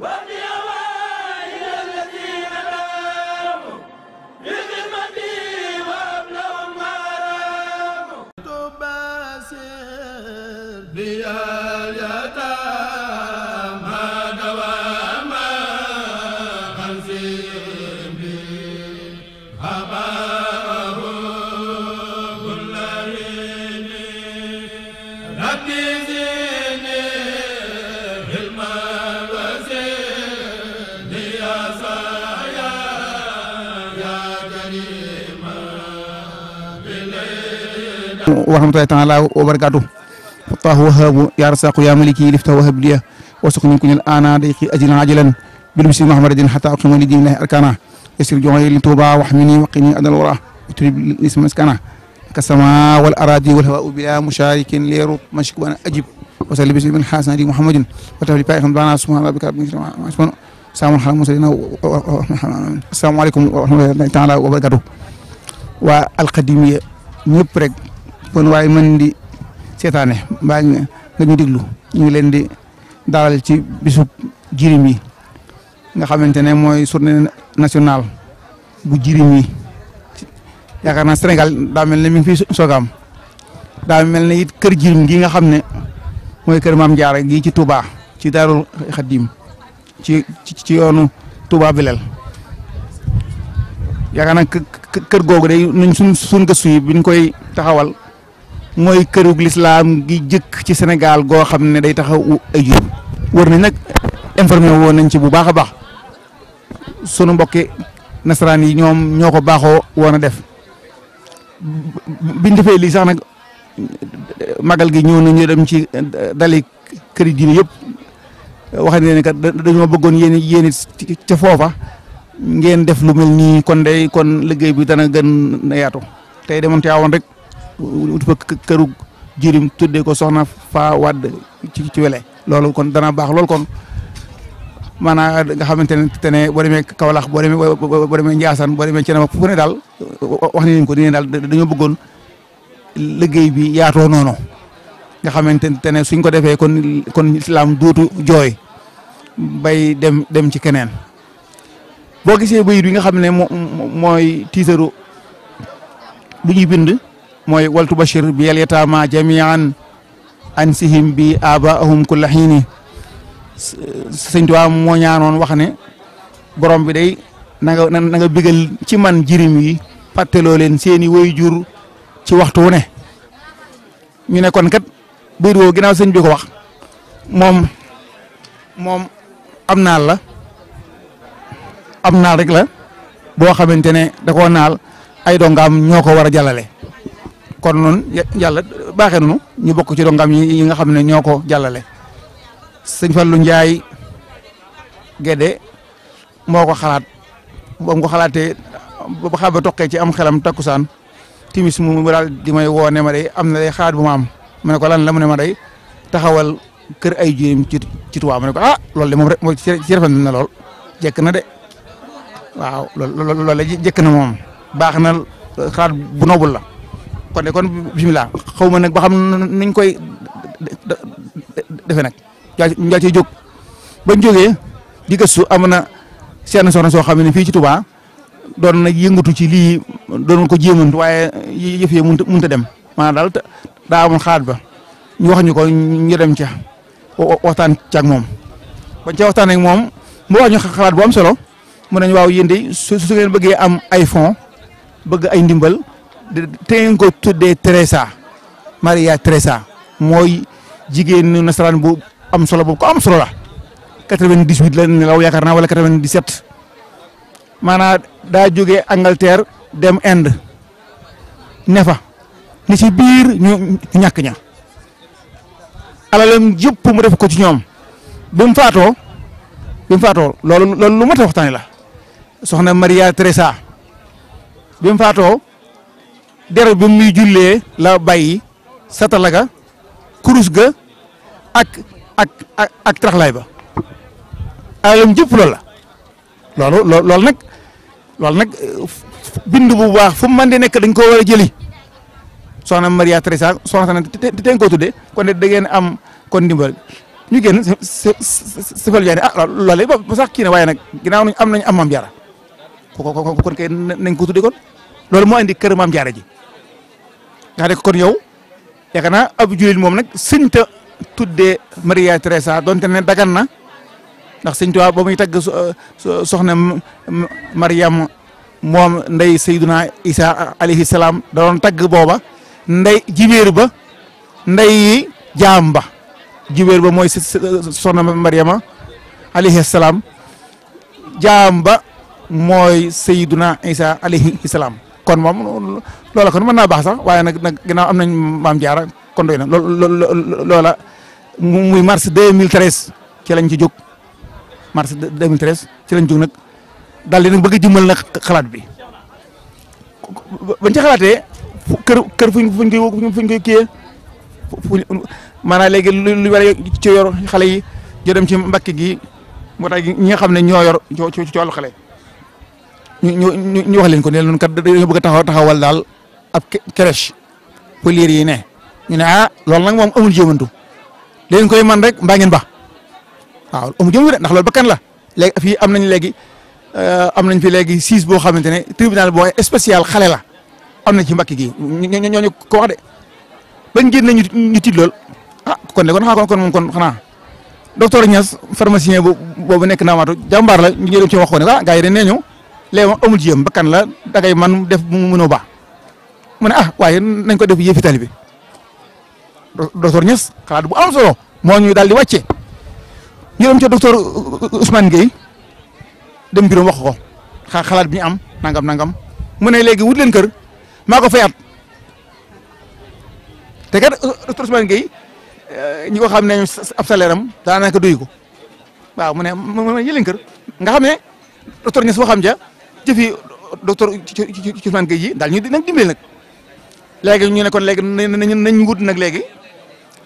Well, ورحمة الله تعالى وبركاته فالله وهاب يا رساق يا ملكي لفت وهب لي وسقني كن الآن ديقي أجلا عجلا بالمسي محمد الدين حتى أقيم لدين الله أركانا يسر جوعي لتوبة وحميني وقني أدى الورى وتريب الاسم مسكنا كالسماء والأراضي والهواء بلا مشارك لي مشكو أنا أجب وسلم بسم الله الحسن دي محمد وتفلي بايخ مدانا سبحان ربك رب العالمين السلام على المرسلين السلام عليكم ورحمة الله تعالى وبركاته والقديمية ñëpp kon waaye mën di seetaane mbaa nga ñu diglu ñu leen di dalal ci bisub jirim nga xamante ne mooy journée nationale bu jirim yi yaakaar naa senegal daa mel ne mi ngi fi soogaam daa mel ne it kër jirim gi nga xam ne mooy kër maam Jaara gi ci Touba ci Daarul Xadim ci ci yoonu Touba Belel yaakaar naa kër googu day nuñ suñ suñ gëstu yi biñ koy taxawal mooy kërug lislaam gi jëkk ci Sénégal goo xam ne day taxaw ay jur war nañ nag informé woon nañ ci bu baax a baax sunu mbokki nasaraan yi ñoom ñoo ko baaxoo woon a def biñ defee lii sax nag magal gi ñëw nañu dem ci dali këri diine yëpp wax ne kat dañoo bëggoon yéen yéen ca foofa ngeen def lu mel nii kon day kon liggéey bi dana gën a yaatu tey demoon te awoon rek ut fa këru jirim tuddee ko soxna faa wadd ci ci wele loolu kon dana baax loolu kon maanaam nga xamante ne te ne boo demee Kaolack boo demee boo demee Ndiassane boo daal wax ko ne daal dañoo bëggoon liggéey bi yaatoo noonu nga xamante te tene suñ ko defee kon kon islam dootu jooy bay dem dem ci keneen boo gisee bayit bi nga xam ne mooy tiisaru bu ñuy bind mooy waltu bashir bi yal yataama jamian ansihim bi abaahum kulla xiini sëñ Tuubaa moo ñaanoon wax ne borom bi day na nga na bigal ci man jirim yi fàtteloo leen seeni woy jur ci waxtu wu ne ñu ne kon kat bayit woo ginnaaw sëñ bi ko wax moom moom am naal la am naal rek la boo xamante ne da koo naal ay dongaam ñoo ko war a jàllale kon noonu yàlla baaxee nañu ñu bokk ci dongam yi nga xam ne ñoo ko jàllale sëñ Fallou njaay Guédé moo ko xalaat ba mu ko xalaatee ba xam ba toqee ci am xelam takkusaan timis mu daal di may woo ne ma day am na day xalaat bu ma am ma ne ko lan la mu ne ma day taxawal kër ay jéem ci ci Tuubaa ma ne ko ah loolu de moom rek mooy ci rafet na lool jekk na de waaw loolu loolu jekk na moom baax na xalaat bu la. kon de kon bisimilah xaw ma nag ba xam nañ koy defe nag njaa ciy jóg bañ jógee di gëstu am na seen soxna soo xam ne fii ci Touba doon na yëngatu ci lii doon ko jéemantu waaye yëf yi mënut mënut a dem maanaam daal daa amoon xalaat ba ñu wax ñu ko ñu dem ca waxtaan ca ak moom bañ ca waxtaan ak moom mu wax ñu xalaat bu am solo mu nañ waaw yéen de su su ngeen bëggee am ay fonds bëgg ay ndimbal te ko tuddee Teresa Maria Teresa mooy jigéenu nasaraan bu am solo boobu ko am solo la 98 la nelaw yaakaar naa wala 97 maanaam daa jógee Angleterre dem Inde ne ni ci biir ñu ñàkk ña alalam yëpp mu def ko ci ñoom bi mu faatoo bi mu faatoo loolu loolu lu mat a waxtaanee la soxna Maria Teresa bi mu faatoo der bu muy julé la bayyi satala ga kurus ga ak ak ak traxlay ba alam jep lol la lol lol nak lol nak eh, bindu bu baax fu mu mën di dañ ko wara jeli sohna Maria Teresa sohna tan te ko tudde kon de ngeen am kon dimbal ñu se fal jani ah loolu ba sax ki na waaye nak ginaaw nañ am nañ am maam jaara ko kon kay nañ ko tuddee kon loolu mo andi kër maam jaara ji nga rek kon moom nag sëñ ta tuddee Maria Teresa donte ne dagan na ndax sëñ Tuubaa ba muy tagg soxna Mariam moom ndey Seyduna Isa alayhi salaam da doon tagg booba ndey jibéer ba ndey jaam ba jibéer ba mooy soxna Mariama alayhi salaam jaam ba mooy Seyduna Isa alayhi kon moom loola kon mën naa baax sax waaye nag nag ginnaaw am nañ maam jaara kon doy na loola muy mars 2013 ci lañ ci jóg mars 2013 ci lañ jóg nag daal di nag bëgg a jëmmal nag xalaat bi bañ ci kër kër fuñ fuñ koy fuñ koy kiyee fuñ maanaam léegi lu war ci yor xale yi jo dem ci mbakki gi moo tax ñi nga xam ne ñoo yor ci wàllu xale ñu ñu ko ne lu kat dañu bëgg taxaw taxawal dal ab crèche pour lire yi ne ñu ne ah lool nak mom amul jëmëntu leen koy man rek mba ngeen ba waaw amul jéemantu de ndax loolu bakkan la léegi fi am nañ euh am nañ fi léegi 6 bo xamantene tribunal bo spécial xalé la am na ci mbakki gi ñu ñooñu ko wax de bañ gën ñu ñu tit lool ah kon ne kon xanaa kon moom kon xana docteur Niass pharmacien boobu nekk matu jambar la ñu dem ci wax ko ne ah gars dañ nee léegi moom amul jiyam bakkan la dagay man def mu mënoo ba mune ah waaye nañ ko def yëfi talibi docteur Niass xalaat bu am solo mo ñuy daldi wacce wàcce ñu dem ca docteur euh, Ousmane Gueye dem biroom wax ko xalaat bi am nangam nangam mune legi wut leen kër mako fayat fayaat te kat euh, docteur Ousmane Gueye euh, ñi ko xam ne ab salaire da naka duy ko waaw mune ne kër nga xam docteur docteur Niass xam ja jëfi docteur Ousmane Gueye yi daal ñu nag dimbali nag léegi ñu ne kon léegi nañ nañ wut nag léegi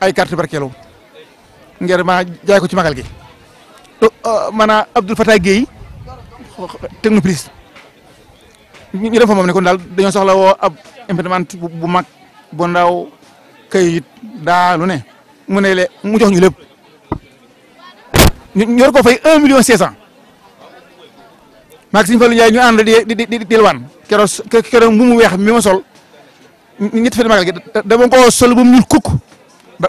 ay carte barkeelu ngir ma jaay ko ci magal gi euh, euh, maanaam Abdoul Fatah Gueye technoprise ñu dem fa moom ne kon daal dañoo soxla woo ab imprimante bu mag bu ndaw kayit daalu ne mu ne le mu jox ñu lépp ñu yor ko fay un million cinq cent maag Sëñ Fallou Ndiaye ñu ànd di di mu weex mi sol ñetti fi ko sol ba mu ñuul kukk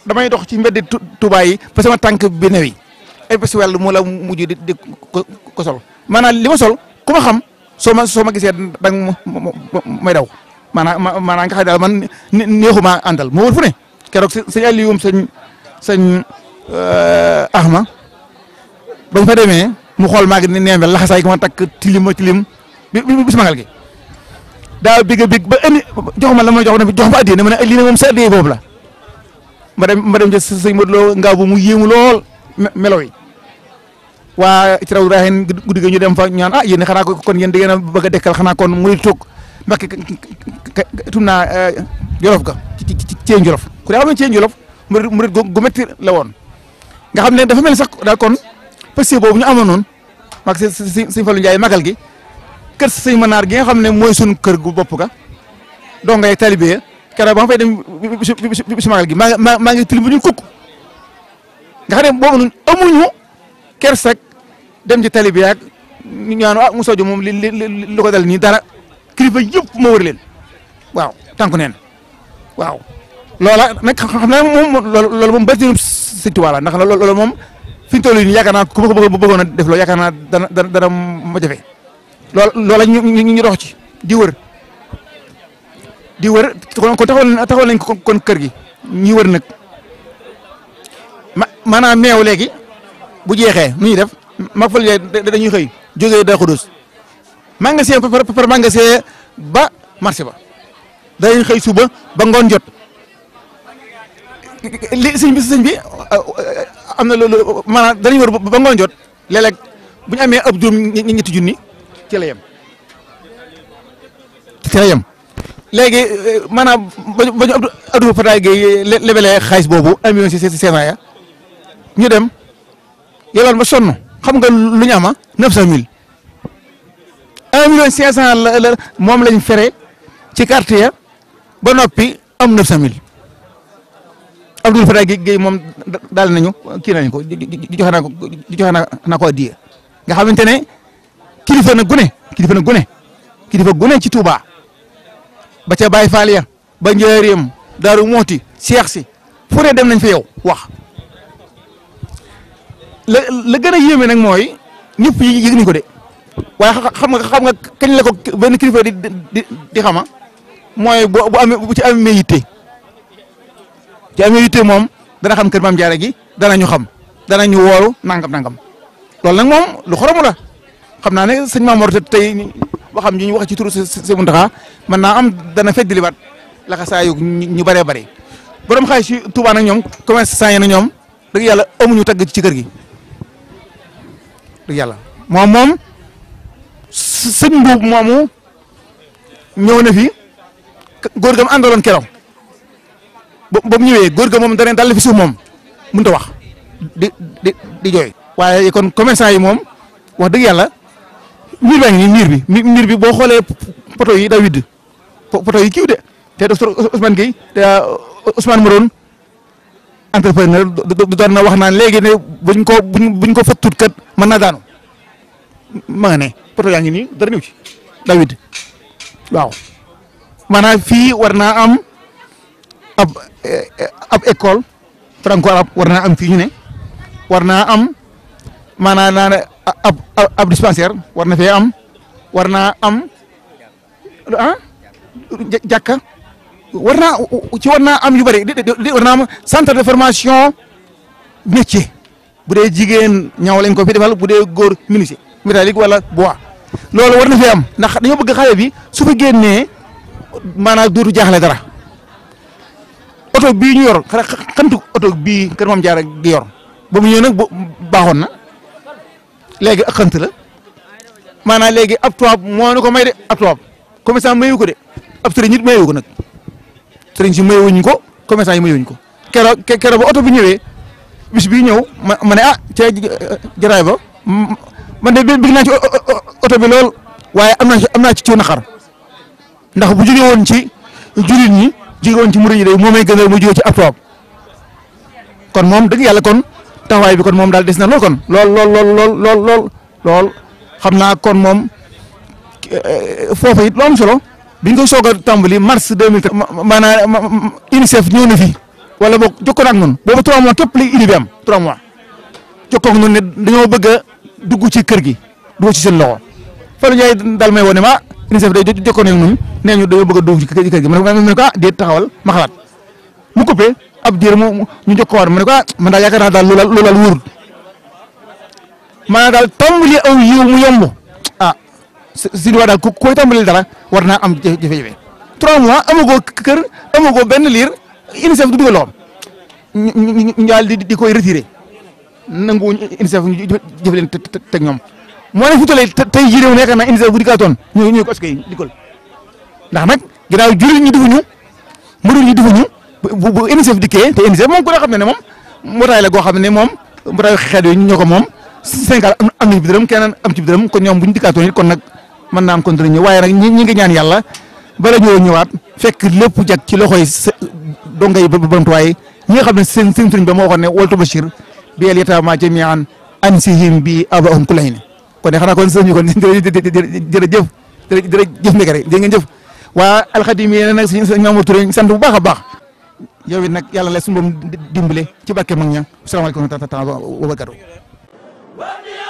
damay dox ci mbedd Touba yi parce que tànk bi newi ay bés mu la mujj di di ko sol maanaam xam sooma ma soo ma gisee dang may daw maanaam maanaam nga daal man neexuma àndal moo wër fu ne keroog sëñ Aliou sëñ sëñ euh, Ahma ba fa demee. mu xool maa ngi ne neem laxasaay gi ma takk tilima tilim bi bis magal gi daa bégg a ba indi jox ma la ma jox ma jox ma addiyee ne ma ne lii moom sa addiyee boobu la ma dem ma dem jël sëñ Modou Lo mu yéemu lool melo yi waa ci raw Ibrahim guddi gi ñu dem fa ñaan ah yéen xanaa kon yéen da ngeen bëgg a dekkal toog mbakki tum naa euh, jolof ga ci ci ceen jolof ku ne xam ne ceen la woon nga xam ne dafa mel sax daal kon parce boobu ñu amoon noonu mag sëñ Fallou Ndiaye magal gi keur sëñ Manar gi nga xamne moy sun keur gu bop ga doo ngay talibé ya, kéro ba nga fay dem bi si magal gi ma maa ngi tilim ñu kuk nga xam bo boobu amuñu keur sak dem ci talibé ya ak ñu ñaan ah mu soju mom li ko dal ni dara kripa yëpp mo wër leen waaw tanku neen waaw lola nak xam naa moom loolu moom bëri na nak Tuubaa mom fi ñu toll nii yaakaar naa ku ma ko bëggoon a def loolu yaakaar naa dana ma jafe loolu loola ñu ñu dox ci di wër di wër kon nañ ko kon kër gi ñu wër nag ma maanaam meew léegi bu jeexee nu ñuy def mag fële dañuy xëy jógee da xudus magasin par par magasin ba marché ba dañuy xëy suba ba ngoon jot li sëñ bi sëñ bi. am na loolu maanaam danañ wër ba ngoon jot léeg-léeg bu ñu amee ëpp juróom ñetti junni ci la yem ci la yem léegi euh, maanaam ba ñu ba ñu Abdou Fatah Gueye lebelee xaalis boobu un million si si seen ya ñu dem yalwaan ba sonn xam nga lu ñu ama ah, neuf cent mille un million cinq cent la moom lañ fere ci carte ya ba noppi am neuf cent mille Abdoul Fatah Guèye moom daal nañu kii nañ ko joxe naa ko joxe naa ko addiya nga xamante ne kilifa na gune kilifa na gune kilifa gune ci Touba ba ca Baye Fall ya ba Njaareem Daaru Mooti Seex si fu ne dem nañ fa yow wax la la gën a yéeme nag mooy ñëpp yëg nañ ko de waaye xam nga xam nga kañ la ko benn kilifa di di di xama mooy bu bu amee bu ci amee yitte. ci amee yitte mom dana xam kër mam jaare gi ñu xam ñu wooru nangam nangam lool nak mom lu xoromu la xam naa ne sëñ Mamour tey waxam ñu wax ci turu sëñ Mountakha man na am dana feddliwaat la xasa yu ñu bare bare borom xay ci Touba ñom ñoom sañ na ñom deug yalla amu ñu tag ci kër gi deug yalla mom mom señ bu momu ñew na fi gor gam andalon keroog bam mu ñëwee ga mom danañ dal fi suuf moom mënut wax di di di joy waye kon commerçant yi mom wax deug yalla miir bañ ni mir bi mir bi bo xolé photo yi da wid photo yi kiiw de té docteur Ousmane Gueye té euh, Ousmane Morone entrepreneur doon na wax naan légui né buñ ko buñ ko fattut kat man na daanu ma nga né photo yaangi ni dara ñu ci da wid waaw maanaam fii war naa am ab e, e, ab école franco arab warna am fi ñu warna am mana na ab ab dispensaire warna fi am warna am ah jakka warna ci warna am yu bari warna am centre de formation métier budé jigen ñaw lañ ko fi defal budé gor menuisier métallique wala bois lolu warna fi am ndax dañu bëgg xalé bi su fa génné mana dootu jaxlé dara oto bii ñu yor xantu oto bii kër moom jaar gi yor ba mu ñëw nag bu baaxoon na léegi ak xant la maanaam léegi ab tubaab moo ñu ko may de ab tubaab commerçant mayu ko de ab sëriñ nit mayu ko nag sëriñ si mayuwuñ ko commerçant yi mayuwuñ ko keroog keroog ba oto bi ñëwee bis bii ñëw ma ma ne ah ca jaraay ba man de bëgg naa ci oto bi lool waaye am naa ci am naa ci coono xar ndax bu jógee woon ci jullit yi jigon ci mouride day momay gënal mu jóge ci afok kon mom dëgg yalla kon taway bi kon mom dal des na lool kon lol lol lol lol lol lol xamna kon mom eh, fofu it lo am solo biñ ko soog tambali mars 2000 mana UNICEF ñu na fi wala boog jokkoo ak noonu boobu 3 mois kep li uni bi am 3 mois jokko ak noonu ne dañu bëgg duggu ci kër gi do ci seen loxo lu ñay dal may wone ma UNICEF day jokkoon ak ñun nee ñu dañoo bëgg a ci kër gi ma ne ko ah déet taxawal ma xalaat mu coupé ab diir mu ñu jokkoowaat ma ko ah man daal yaakaar naa daal loolal loolal wóorut maanaam daal tàmbali aw yiw mu yomb ah si diwaan daal ku koy dara am mois kër UNICEF du di di koy retiré nangu UNICEF ñu jëf leen moo ne futale tey jii réew nekk na indi guddi kaatoon ñu ñuy koske yi dikkal ndax nag ginnaaw jullit ñi defuñu murid ñi defuñu bu bu UNICEF dikkee te UNICEF moom ku ne xam ne ne moom mbootaay la goo xam ne moom mbootaay xeet yooyu ñoo ko moom Sénégal am nañ keneen am ci dërëm kon ñoom bu ñu dikkaatoon it kon nag mën naa am continué ñëw waaye nag ñi ñi ngi ñaan yàlla bala ñoo waat fekk lépp jag ci loxoy dongay bantuwaay ñi nga xam ne seen seen tuñ ba moo waxoon ne waltu bashir bi el yataama jamian ansihim bi abahum kulahine kon xanaa kon sëñ bi kon jërëjëf jërëjëf Ndekere jërë ngeen jëf waa alxadim yi nag sëñ Mamour Touré ñu sant bu baax a baax yow it nag yàlla la suñu borom dimbale ci barke mag ña salaamaaleykum wa rahmatulah wa barakatuh